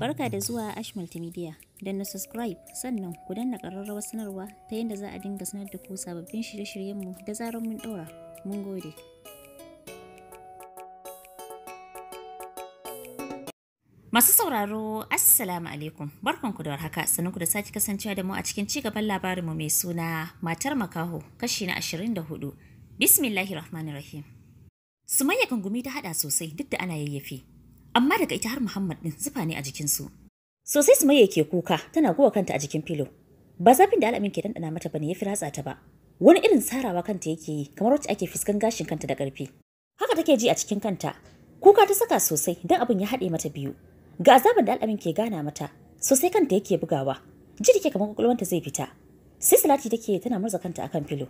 Barka da zuwa Ash Multimedia. Don na subscribe sannan ku danna ƙararrawar sanarwa ta yadda za a dinga sanar da ku sababbin shirye-shiryenmu da zarar mun ɗora. Mun gode. Masu sauraro, Assalamu alaikum. Barkanku da warhaka, sannan ku da sake kasancewa da mu a cikin cigaban labarinmu mai suna Matar Makaho, kashi na ashirin da 24. Bismillahirrahmanirrahim. Sumayya gumi ta haɗa sosai duk da ana yayyafi. amma daga ita har Muhammad din zufa ne a jikinsu. Sosai su maye ke kuka tana guwa kanta a jikin filo. Ba zafin da alamin ke dandana mata bane ya fi ratsa ta ba. Wani irin sarawa kanta yake yi kamar wacce ake fiskan gashin kanta da ƙarfi. Haka take ji a cikin kanta. Kuka ta saka sosai dan abin ya haɗe mata biyu. Ga azabar da alamin ke gana mata sosai kanta yake bugawa. Ji dake kamar ta zai fita. Sai salati take tana murza kanta akan filo.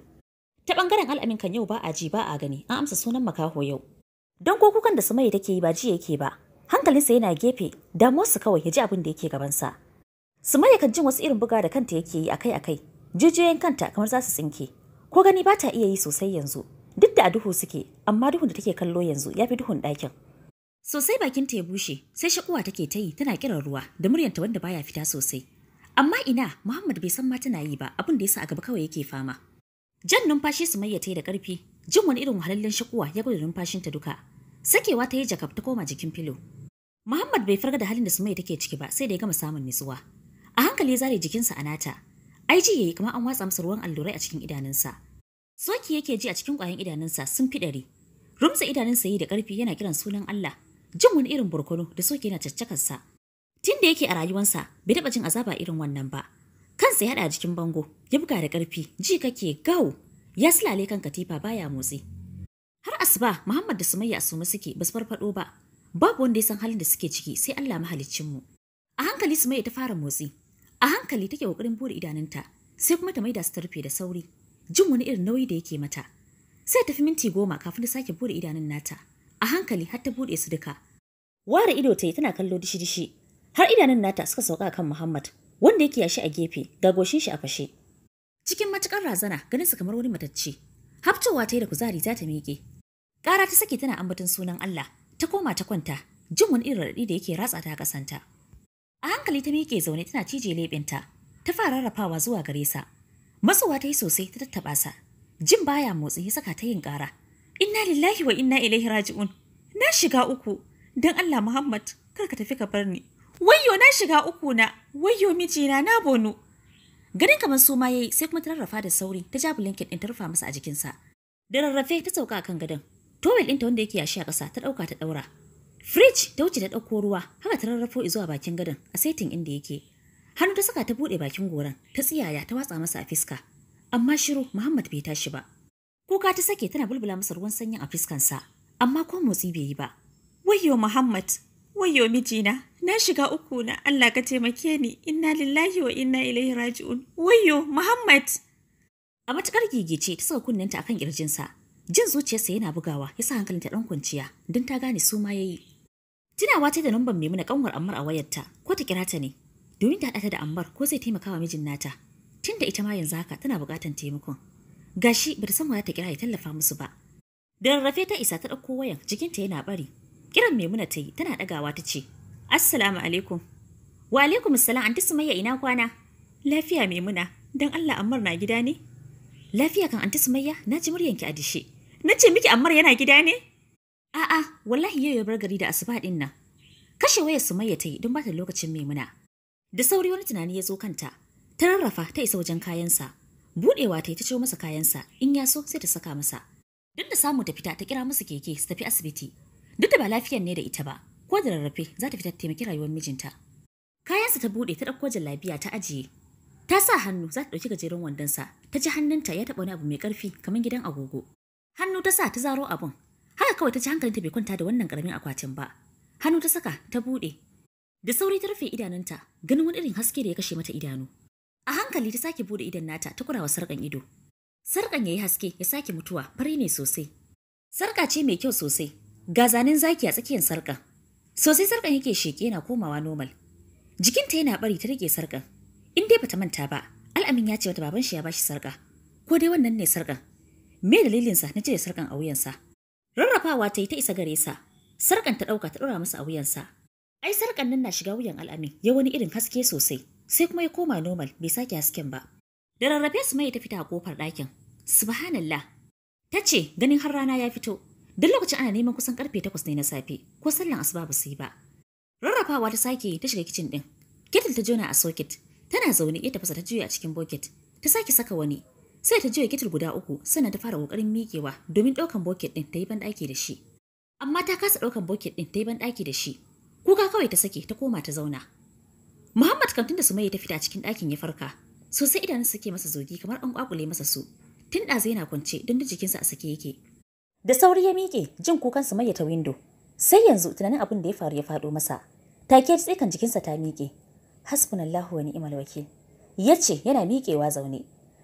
Ta bangaren al'amin kan yau ba a ji ba a gani an amsa sunan makaho yau. Don ko kukan da mai take yi ba ji yake ba, hankalinsa yana gefe damuwarsa kawai ya ji abin da yake gabansa sumayya kan jin wasu irin buga da kanta yake yi akai akai jijiyoyin kanta kamar za su tsinke ko gani ba ta iya yi sosai yanzu duk da a duhu suke amma duhun da take kallo yanzu ya fi duhun ɗakin sosai bakinta ya bushe sai shakuwa take ta yi tana kiran ruwa da muryanta wanda baya fita sosai amma ina muhammad bai san ma tana yi ba abin da yasa a gaba kawai yake fama jan numfashi sumayya ta yi da karfi jin wani irin wahalallen shakuwa ya gwada numfashinta duka sakewa ta yi jakab ta koma jikin filo Muhammad bai farga da halin da Sumayya take ciki ba sai da ya gama samun nutsuwa. A hankali zare jikinsa a nata. ji yayi kamar an watsa masa ruwan allurai a cikin idanunsa. Soki yake ji a cikin ƙwayan idanunsa sun fi ɗari. Rumsa idanunsa yi da ƙarfi yana kiran sunan Allah. Jin wani irin barkono da soki yana caccakarsa. Tun da yake a rayuwarsa bai taɓa jin azaba irin wannan ba. Kansa ya haɗa jikin bango, ya buga da ƙarfi, ji kake gau Ya silale kan katifa baya motsi. Har asuba Muhammad da Sumayya a suke suke su farfado ba. Babu wanda ya san halin da suke ciki sai Allah mahaliccinmu. A hankali su mai ta fara motsi. A hankali take kokarin bude idanunta, sai kuma ta maida su ta rufe da sauri. Jin wani irin nauyi da yake mata. Sai tafi minti goma kafin ta sake bude idanun nata. A hankali har ta bude su duka. Ware ido ta yi tana kallo dishi-dishi. Har idanun nata suka sauka kan Muhammad, wanda yake yashi a gefe, ga goshin shi a fashe. Cikin matukar razana, ganin su kamar wani matacce. Haftowa ta yi da kuzari za ta miƙe. Ƙara ta sake tana ambaton sunan Allah, ta koma ta kwanta jin wani irin raɗi da yake ratsa ta kasanta. A hankali ta miƙe zaune tana cije leɓinta, ta fara rarrafawa zuwa gare sa. Matsuwa ta yi sosai ta tattaɓa sa, jin baya motsi ya saka ta yin ƙara. Inna lillahi wa inna ilaihi raji'un. Na shiga uku, dan Allah Muhammad, kar ka tafi ka bar ni. Wayyo na shiga uku na, wayyo mijina na bonu. Ganin kamar su ma yayi sai kuma ta rarrafa da sauri ta ja blanket ɗin ta rufa masa a jikinsa. Da rarrafe ta sauka kan gadon, towel ɗinta wanda yake yashi a ƙasa ta ɗauka ta ɗaura fridge ta wuce ta ɗauko ruwa haka ta rarrafo zuwa bakin gadon a saitin inda yake hannu ta saka ta buɗe bakin goran ta tsiyaya ta watsa masa a fiska amma shiru muhammad bai tashi ba kuka ta sake tana bulbula masa ruwan sanyi a fiskansa amma ko motsi bai yi ba wayyo muhammad wayyo mijina na shiga uku na allah ka taimake ni inna lillahi wa inna ilaihi raji'un wayyo muhammad a matukar gigice ta saka kunnenta akan kirjinsa Jin zuciyarsa yana bugawa ya sa ta ɗan kwanciya don ta gane su ma ya yi. Tunawa ta da lambar Maimuna ƙanwar Ammar a wayarta ko ta kira ta ne domin ta haɗa ta da Ammar ko zai taimaka wa mijin nata tunda ita ma yanzu haka tana buƙatar taimakon. Gashi bata san waya ta kira ya tallafa musu ba. Da rarrafe ta isa ta ɗauko wayan jikinta yana bari. Kiran Maimuna ta yi tana ɗagawa ta ce Assalamu alaikum. Wa alaikum assalam anti Sumayya ina kwana. Lafiya Maimuna Don Allah Ammar na gida ne? Lafiya kan anti Sumayya na ji muryanki a dishe. Na ce miki Ammar yana gida ne? A'a, wallahi yau ya bar gari da asuba dinnan. nan. Kashe wayar su ta yi don ba ta lokacin Maimuna. Da sauri wani tunani ya zo kanta, ta rarrafa ta isa wajen kayansa. Buɗewa ta yi ta ciwo masa kayansa, in ya so sai ta saka masa. Duk da samu ta fita ta kira masa keke su tafi asibiti. Duk da ba lafiyan ne da ita ba, ko da rarrafe za ta fita taimaki rayuwar mijinta. Kayansa ta buɗe ta ɗauko lafiya ta ajiye. Ta sa hannu za ta ɗauki gajeren wandonsa, ta ji hannunta ya taɓa wani abu mai ƙarfi kamar gidan agogo. Hannu ta sa ta zaro abun. Haka kawai ta ji hankalinta bai kwanta da wannan karamin akwatin ba. Hannu ta saka ta buɗe. Da sauri ta rufe idanunta, ganin wani irin haske da ya kashe mata idanu. A hankali ta sake buɗe idan nata ta kurawa sarkan ido. Sarkan yayi haske ya sake mutuwa, fari ne sosai. Sarka ce mai kyau sosai. Ga zanen zaki a tsakiyar sarkan. Sosai sarkan yake sheke yana komawa normal. Jikinta yana bari ta rike sarkan. In dai bata manta ba, al'amin ya ce mata baban shi ya bashi sarka. Ko dai wannan ne sarkan. Me dalilinsa na cire sarkan a wuyansa? Rarrafawa ta yi ta isa gare sa. Sarkan ta ɗauka ta ɗora masa a wuyansa. Ai sarkan nan na shiga wuyan al'amin ya wani irin haske sosai. Sai kuma ya koma normal bai sake hasken ba. Da rarrafe su mai ta fita a kofar ɗakin. Subhanallah. Ta ce ganin har rana ya fito. Duk lokacin ana neman kusan karfe takwas ne na safe ko sallan asuba ba su yi ba. Rarrafawa ta sake ta shiga kicin ɗin. Ketil ta jona a soket. Tana zaune ita tafasa ta juya a cikin boket. Ta sake saka wani sai ta je gitar guda uku sannan ta fara kokarin mikewa domin ɗaukan bokit ɗin ta yi banɗaki da shi amma ta kasa ɗaukan bokit ɗin ta yi banɗaki da shi kuka kawai ta sake ta koma ta zauna muhammad kantin da sumayya ta fita cikin ɗakin ya farka sosai idan suke masa zogi kamar an kwakule masa su tun ɗazu yana kwance don da jikinsa a sake yake da sauri ya mike jin kukan sumayya ta windo sai yanzu tunanin abin da ya faru ya faɗo masa take tsikan jikinsa ta mike hasbunallahu wa ni'mal wakil yace yana mikewa zaune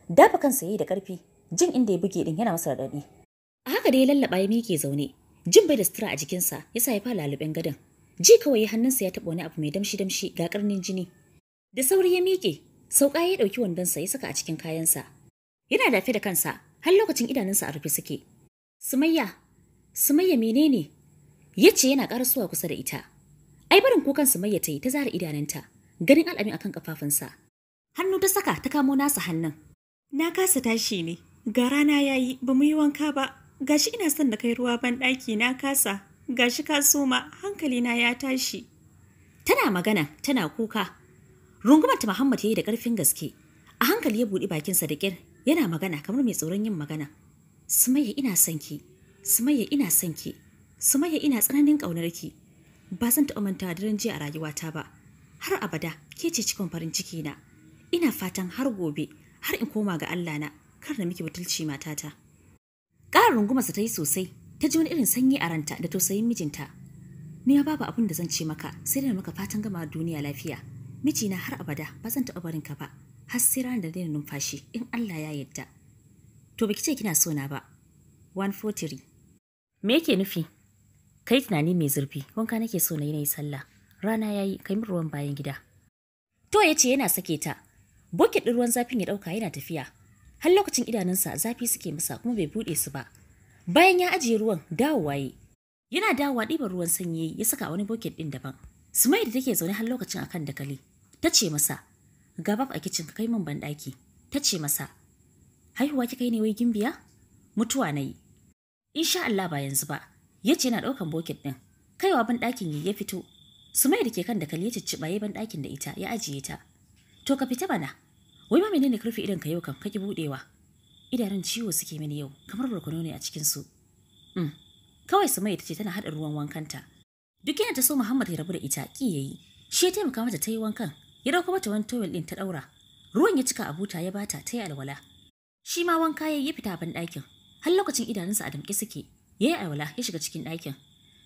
dafa kansa yayi da karfi jin inda ya buge din yana masa raɗaɗi a haka da ya lallaba ya miƙe zaune jin bai da sutura a jikinsa ya sa ya fara lalubin gadon ji kawai ya hannunsa ya taɓa wani abu mai damshi damshi ga karnin jini da sauri ya miƙe sauka ya ɗauki wandonsa ya saka a cikin kayansa yana dafe da kansa har lokacin idanunsa a rufe suke sumayya sumayya menene ya ce yana ƙarasuwa kusa da ita ai barin kukan sumayya ta ta zara idanunta ganin al'amin akan kafafunsa hannu ta saka ta kamo nasa hannun Na kasa tashi ne, ga rana ya yi, ba mu yi wanka ba, gashi ina son da kai ruwa ban ɗaki na kasa, gashi ka soma na ya tashi. Tana magana, tana kuka. Rungumar ta Muhammad ya yi da ƙarfin gaske. A hankali ya buɗe bakinsa da ƙir, yana magana kamar mai tsoron yin magana. Sumayya ina son ki, Sumayya ina son ki, Sumayya ina tsananin ƙaunar ki. Ba zan taɓa mantawa daren jiya a rayuwata ba. Har abada, ke ce cikin farin ciki na. Ina fatan har gobe, har in koma ga Allah na kar na miki butulci matata ƙarar rungumarsa ta yi sosai ta ji wani irin sanyi a ranta da tausayin mijinta ni babu abin da zan ce maka sai da maka fatan gama duniya lafiya mijina har abada ba zan taɓa ka ba har sai rana da daina numfashi in Allah ya yadda. to baki ce kina so na ba 143 me yake nufi kai tunani mai zurfi wanka nake so na yi na yi sallah rana yayi kai min ruwan bayan gida to ya ce yana sake ta Bokit ɗin ruwan zafin ya ɗauka yana tafiya. Har lokacin idanunsa zafi suke masa kuma bai buɗe su ba. Bayan ya ajiye ruwan dawowa yi. Yana dawowa ɗiban ruwan sanyi ya saka wani bokit ɗin daban. Sumai da take zaune har lokacin akan dakali. Ta ce masa, gabaf a kicin ka kai min banɗaki. Ta ce masa, haihuwa ki kai ne wai gimbiya? Mutuwa na yi. Insha Allah ba yanzu ba. Ya ce yana ɗaukan bokit ɗin. Kaiwa banɗakin ya fito. Sumai da ke kan dakali ya cicciɓa ya banɗakin da ita ya ajiye ta. To ka fita bana. Wai ma menene karfi idan ka yau kam kake budewa? Idanun ciwo suke mini yau kamar barkono ne a cikin su. Mm. Kawai Sumayya tace tana hada ruwan wankanta. Duk yana ta so Muhammad ya rabu da ita ki yayi. Shi ya taimaka mata ta yi wankan. Ya dauko mata wani towel din ta daura. Ruwan ya cika a buta ya bata ta yi alwala. Shi ma wanka ya yi fita ban ɗakin. Har lokacin idanunsa a damƙe suke. Ya yi alwala ya shiga cikin ɗakin.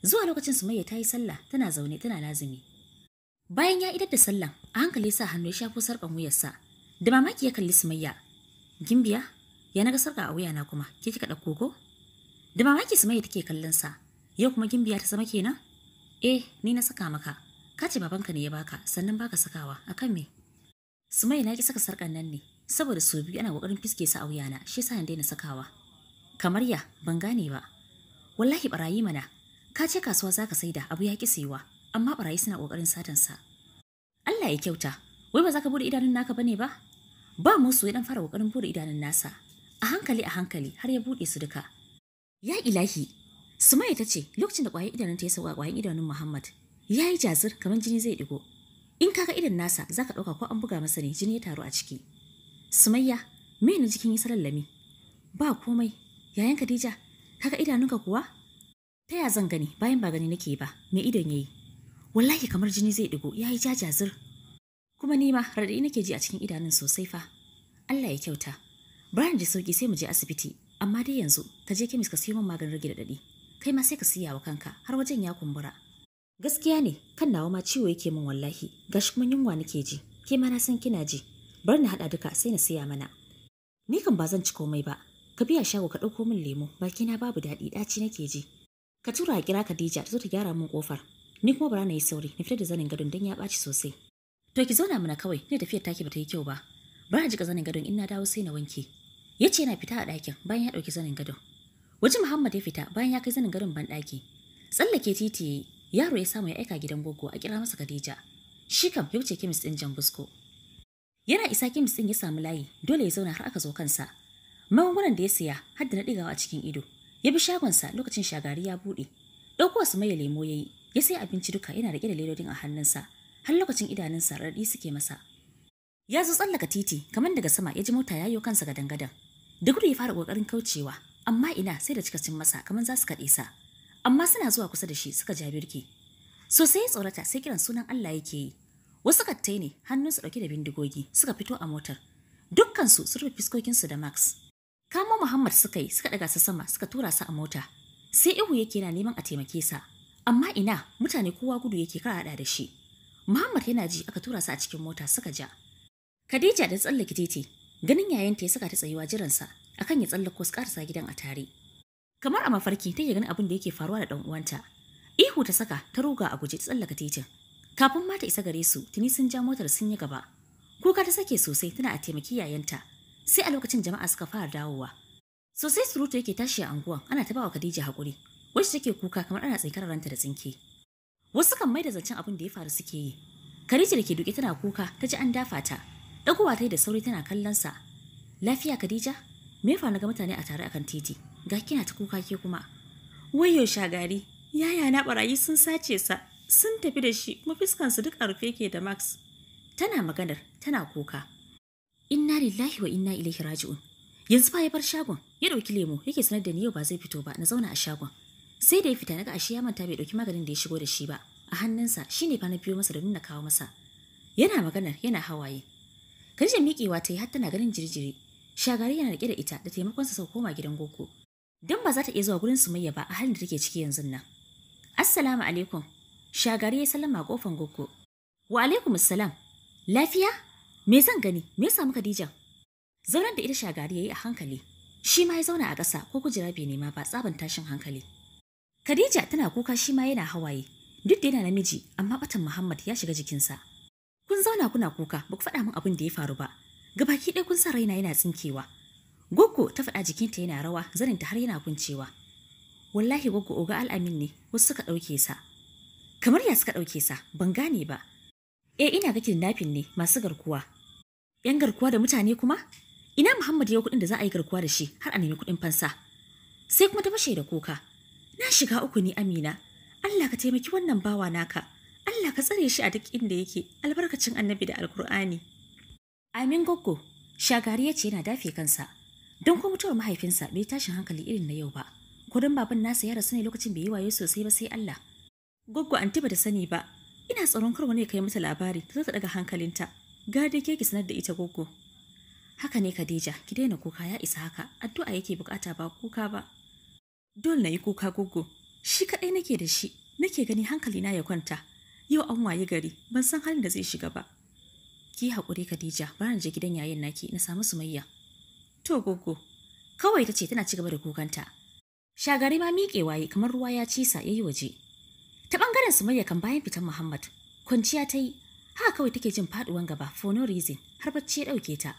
Zuwa lokacin Sumayya ta yi sallah tana zaune tana lazumi Bayan ya idar da sallan, a hankali sa hannu ya shafo sarkan wuyarsa. Da mamaki ya kalli Sumayya. Gimbiya, ya naga sarka a wuyana kuma, ke kika ɗauko ko? Da mamaki Sumayya take kallon sa. Yau kuma Gimbiya ta zama kenan? Eh, ni na saka maka. Ka ce babanka ne ya baka, sannan baka sakawa, akan me? Sumayya na ki saka sarkan nan ne, saboda su biyu ana kokarin fiske sa a wuyana, shi yasa na sakawa. Kamar ya, ban gane ba. Wallahi barayi mana, ka ce kasuwa zaka saida, abu ya kisewa. amma barayi suna ƙoƙarin satansa. Allah ya kyauta, wai ba za ka bude idanun naka bane ba? Ba musu ya dan fara kokarin bude idanun nasa. A hankali a hankali har ya buɗe su duka. Ya ilahi, Sumaya ta ce lokacin da ƙwayar idanun ta ya sauka ƙwayar idanun Muhammad, ya yi jazir kamar jini zai ɗigo. In ka ga idan nasa za ka ɗauka ko an buga masa ne jini ya taru a ciki. Sumayya, me na jikin yi salallami? Ba komai, yayan Khadija, kaga idanunka kuwa? Ta ya zan gani bayan ba gani nake ba, me idon yayi? wallahi kamar jini zai ɗigo ya yi jajazir kuma ni ma raɗaɗi nake ji a cikin idanun sosai fa Allah ya kyauta Brian da sauki sai mu je asibiti amma dai yanzu ta je kemis ka siyo min maganin rage raɗaɗi kai ma sai ka siya wa kanka har wajen ya kumbura gaskiya ne kan nawa ma ciwo yake min wallahi gashi kuma yunwa nake ji ke ma na san kina ji bar na haɗa duka sai na siya mana ni kan ba zan ci komai ba ka biya shago ka ɗauko min lemo na babu daɗi ɗaci nake ji ka tura a kira Khadija ta zo ta gyara min kofar. ni kuma bara na yi sauri na fita da zanin gadon don ya ɓaci sosai to ki zauna mana kawai ne tafiyar ba ta yi kyau ba bara jika zanin gadon in dawo sai na wanke ya ce yana fita a ɗakin bayan ya ɗauki zanin gadon waje muhammad ya fita bayan ya kai zanin gadon ban ɗaki tsallake titi yaro ya samu ya aika gidan gogo a kira masa khadija shi kam ya wuce kemis ɗin jan busko yana isa kemis ɗin ya samu layi dole ya zauna har aka zo kansa magungunan da ya siya har da na ɗigawa a cikin ido ya bi shagonsa lokacin shagari ya buɗe ɗauko su mai lemo ya yi ya sai abinci duka yana rike da ledodin a hannunsa har lokacin idanun raɗi suke masa ya zo tsallaka titi kamar daga sama ya ji mota yayo kansa gadan gadan da gudu ya fara kokarin kaucewa amma ina sai da cikacin masa kamar za su kaɗe sa amma suna zuwa kusa da shi suka ja birki sosai ya tsorata sai kiran sunan Allah yake yi wasu kattai ne hannunsu ɗauke da bindigogi suka fito a motar dukkansu sun rufe fiskokinsu da max kamo muhammad suka yi suka ɗaga su sama suka tura sa a mota sai ihu yake na neman a taimake sa amma ina mutane kowa gudu yake karaɗa haɗa da shi muhammad yana ji aka tura su a cikin mota suka ja khadija da tsallake titi ganin yayanta ya saka ta tsayuwa jiransa akan ya tsallako su karasa gidan a tare kamar a mafarki ta take ganin abin da yake faruwa da dan uwanta ihu ta saka ta ruga a guje ta tsallaka titin kafin ma isa gare su tuni sun ja motar sun yi gaba kuka ta sake sosai tana a taimaki yayanta sai a lokacin jama'a suka fara dawowa sosai surutu yake tashi a anguwan ana ta bawa Khadija hakuri wacce take kuka kamar ana tsinkar ranta da tsinke. Wasu kan mai da zancen abin da ya faru suke yi. Khadija da ke duke tana kuka ta ji an dafa ta. Dagowa ta yi da sauri tana kallon sa. Lafiya Khadija? Me fa na ga mutane a tare akan titi? Ga kina ta kuka ke kuma. Wayyo shagari, yaya na barayi sun sace sa, sun tafi da shi kuma su duk a rufe yake da Max. Tana maganar, tana kuka. Inna lillahi wa inna ilaihi raji'un. Yanzu fa ya bar shagon, ya dauki lemo, yake sanar da ni yau ba zai fito ba, na zauna a shagon. sai da ya fita ga ashe ya manta bai dauki maganin da ya shigo da shi ba a hannunsa shine fa na biyo masa domin na kawo masa yana maganar yana hawaye Khadija miƙewa ta yi har tana ganin jirjiri shagari yana rike da ita da taimakon sa sau koma gidan goko don ba za ta iya zuwa gurin Sumayya ba a halin da take ciki yanzu nan Assalamu alaikum shagari ya sallama kofan goko wa alaikum assalam lafiya me zan gani me ya samu kadija zaunar da ita shagari yi a hankali shi ma ya zauna a ƙasa ko kujera bai nema ba tsaban tashin hankali Khadija tana kuka shi ma yana hawaye. Duk da yana namiji amma batan Muhammad ya shiga jikinsa. Kun zauna kuna kuka ba ku faɗa min abin da ya faru ba. Gabaki ɗaya kun sa raina yana tsinkewa. Goggo ta faɗa jikinta yana rawa zaninta har yana kuncewa. Wallahi goggo oga al'amin ne wasu suka ɗauke sa. Kamar ya suka ɗauke sa ban gane ba. E ina ga kidnapping ne masu garkuwa. Yan garkuwa da mutane kuma? Ina Muhammad ya kuɗin da za a yi garkuwa da shi har a nemi kuɗin fansa. Sai kuma ta fashe da kuka. na shiga uku ne Amina Allah ka taimaki wannan bawa naka Allah ka tsare shi a duk inda yake albarkacin annabi da alkur'ani Amin Goggo shagari ya ce yana dafe kansa don ko mutuwar mahaifinsa bai tashin hankali irin na yau ba kudin baban nasa ya rasu ne lokacin bai yi wayo sosai ba sai Allah Goggo anti da sani ba ina tsoron kar wani ya kai mata labari ta zo ta daga hankalinta gade ke ki sanar da ita Goggo haka ne Khadija ki daina kuka ya isa haka addu'a yake bukata ba kuka ba Dole na yi kuka gugu shi kaɗai nake da shi, nake gani hankalina ya kwanta. Yau an waye gari, ban san halin da zai shiga ba. Ki haƙuri Khadija, na je gidan yayin naki na samu Sumayya. To gugu kawai ta ce tana ci gaba da kukanta. Shagari ma miƙe waye kamar ruwa ya cisa ya yi waje. Ta ɓangaren Sumayya kan bayan fitan Muhammad, kwanciya ta yi, haka kawai take jin faɗuwan gaba for no reason har bacci ya ɗauke ta.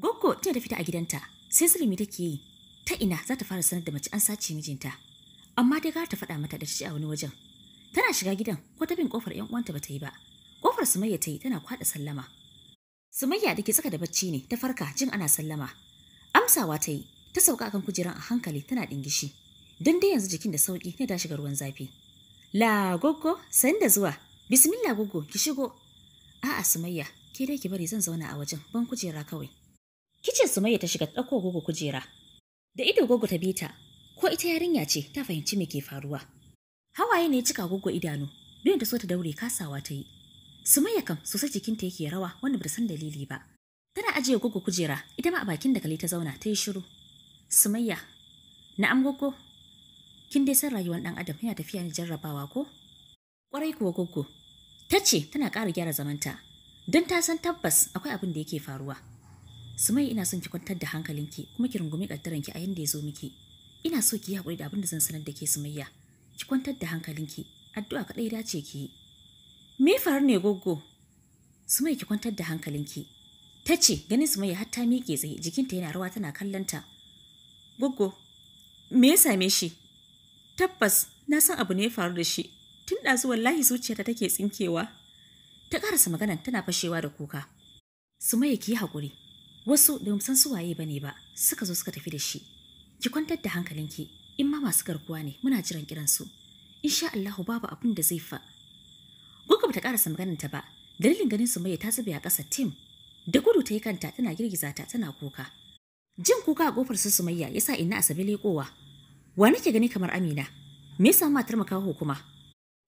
Goggo tana da fita a gidanta, sai zulumi take yi, ta ina za ta fara sanar da mace an sace mijinta amma dai gara ta faɗa mata da ci a wani wajen tana shiga gidan ko ta bin kofar yan uwanta ba ta yi ba kofar sumayya ta yi tana kwaɗa sallama sumayya da ke tsaka da bacci ne ta farka jin ana sallama amsawa ta yi ta sauka akan kujeran a hankali tana ɗingishi don dai yanzu jikin da sauƙi ne ta shiga ruwan zafi la goggo san da zuwa bismillah goggo ki shigo a'a sumayya ke dai ki bari zan zauna a wajen ban kujera kawai Kicin sumayya ta shiga ɗauko gogo kujera Da ido gogo ta bi ko ita yarinya ce ta fahimci me ke faruwa. Hawaye ne cika gogo idanu, biyun ta so ta daure kasawa ta yi. Sumayya kam sosai jikinta yake rawa wanda bata san dalili ba. Tana ajiye gogo kujera, ita ma a bakin kale ta zauna ta yi shiru. Sumayya, na'am gogo, kin dai san rayuwar ɗan adam yana tafiya ne jarrabawa ko? Ƙwarai kuwa gogo, ta ce tana ƙara gyara zamanta, don ta san tabbas akwai abin da yake faruwa. Sumai ina son ki kwantar da hankalinki kuma ki rungumi kaddaranki a yanda ya zo miki. Ina so ki yi haƙuri da abin da zan sanar da ke Sumayya. Ki kwantar da hankalinki, addu'a kaɗai dace ki yi. Me faru ne goggo? Sumai ki kwantar da hankalinki. Ta ce ganin Sumayya har ta miƙe tsaye jikinta yana rawa tana kallon ta. Goggo, me ya same shi? Tabbas na san abu ne ya faru da shi. Tun ɗazu wallahi zuciyarta take tsinkewa. Ta ƙarasa magana tana fashewa da kuka. Sumayya ki yi haƙuri, wasu da san su waye bane ba suka zo suka tafi da shi ki kwantar da hankalinki in ma masu garkuwa ne muna jiran kiran su insha Allah babu abin da zai fa Gurka bata karasa maganar ta ba dalilin ganin su mai ta zube a ƙasa tim da gudu ta yi kanta tana girgiza ta tana kuka jin kuka a kofar su sumayya yasa inna asabe lekowa wa nake gani kamar amina me yasa matar makaho kuma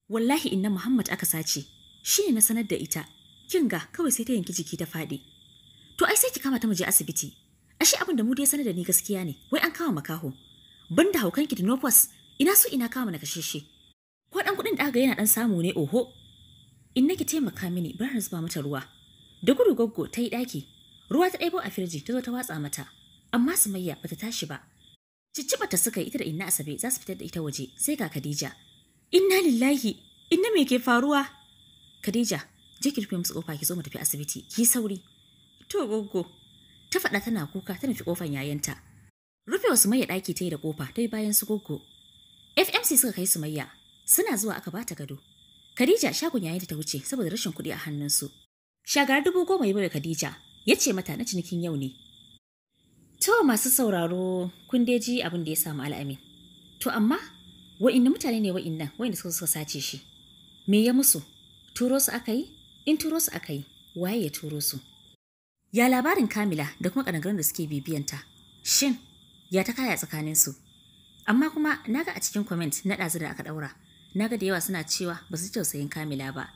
wallahi inna muhammad aka sace shi ne na sanar da ita kinga kawai sai ta yanki jiki ta faɗi to ai sai ki kama ta mu je asibiti ashe abin da mu dai sanar da ni gaskiya ne wai an kama makaho banda haukan ki da nofas. ina so ina kama na kashe shi ko dan kudin da ga yana dan samu ne oho in nake taimaka mini bar zuba mata ruwa da gudu goggo ta yi daki ruwa ta ɗebo a firji ta zo ta watsa mata amma su sumayya bata tashi ba Cicciɓa ta suka ita da inna asabe za su fitar da ita waje sai ga Kadija. inna lillahi inna me ke faruwa Kadija. je ki rufe musu kofa ki zo mu tafi asibiti ki sauri To goggo, ta faɗa tana kuka ta nufi ƙofar yayanta. Rufe wa Sumayya ɗaki ta yi da ƙofa ta yi bayan su goggo. FMC suka kai Sumayya, suna zuwa aka bata gado. Khadija shagon yayanta ta wuce saboda rashin kuɗi a hannunsu. Shagar dubu goma ya bai Khadija, ya ce mata na cinikin yau ne. To masu sauraro kun dai ji abin da ya samu al'amin. To amma wa'inda mutane ne wa'innan wa'inda suka suka sace shi. Me ya musu? Turo su aka yi? In turo su aka yi, waye ya turo su? Ya labarin Kamila da kuma ƙanagarin da suke bibiyanta. Shin, ya ta kaya tsakanin su Amma kuma na ga a cikin kwament na ɗazu da aka ɗaura. Na ga da yawa suna cewa ba su tausayin Kamila ba.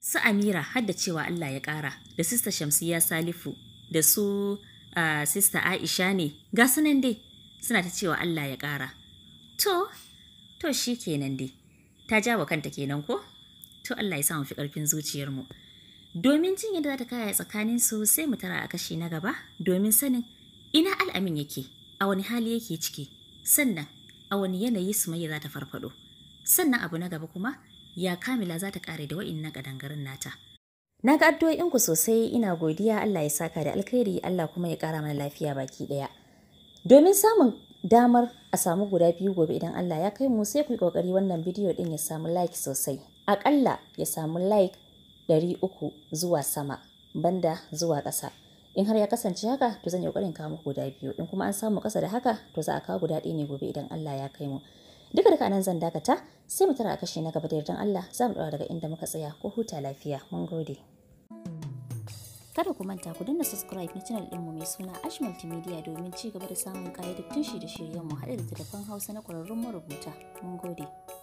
Su Amira har da cewa Allah ya ƙara da Sista Shamsiyya Salifu da su uh, Sista Aisha ne ga sunan dai suna ta cewa Allah ya ƙara. To, to shi kenan dai. Ta jawa kanta kenan ko? To Allah ya sa mu fi ƙarfin zuciyarmu. Domin jin yadda za ta kaya tsakanin su sai mu tara a kashi na gaba domin sanin ina al'amin yake, a wani hali yake ciki, sannan a wani yanayi su sumayya za ta farfado. Sannan abu na gaba kuma ya kamila za ta kare da wa'in na nata. Na ga addu'o'inku sosai ina godiya Allah ya saka da alkhairi Allah kuma ya kara mana lafiya baki daya. Domin samun damar a samu guda biyu gobe idan Allah ya kai mu sai ku yi kokari wannan bidiyo din ya samu like sosai. Akalla ya samu like 300 zuwa sama banda zuwa ƙasa in har ya kasance haka to zan yi ƙoƙarin kawo muku guda biyu in kuma an samu ƙasa da haka to za a kawo guda ɗaya ne gobe idan Allah ya kai mu duka da nan zan dakata sai mu tara a kashe na gaba da yardan Allah za mu ɗora daga inda muka tsaya ko huta lafiya mun gode kada ku manta ku danna subscribe na channel ɗinmu mai suna ash multimedia domin ci gaba da samun ƙayyadattun shi da mu haɗa da hausa na ƙwararrun marubuta mun gode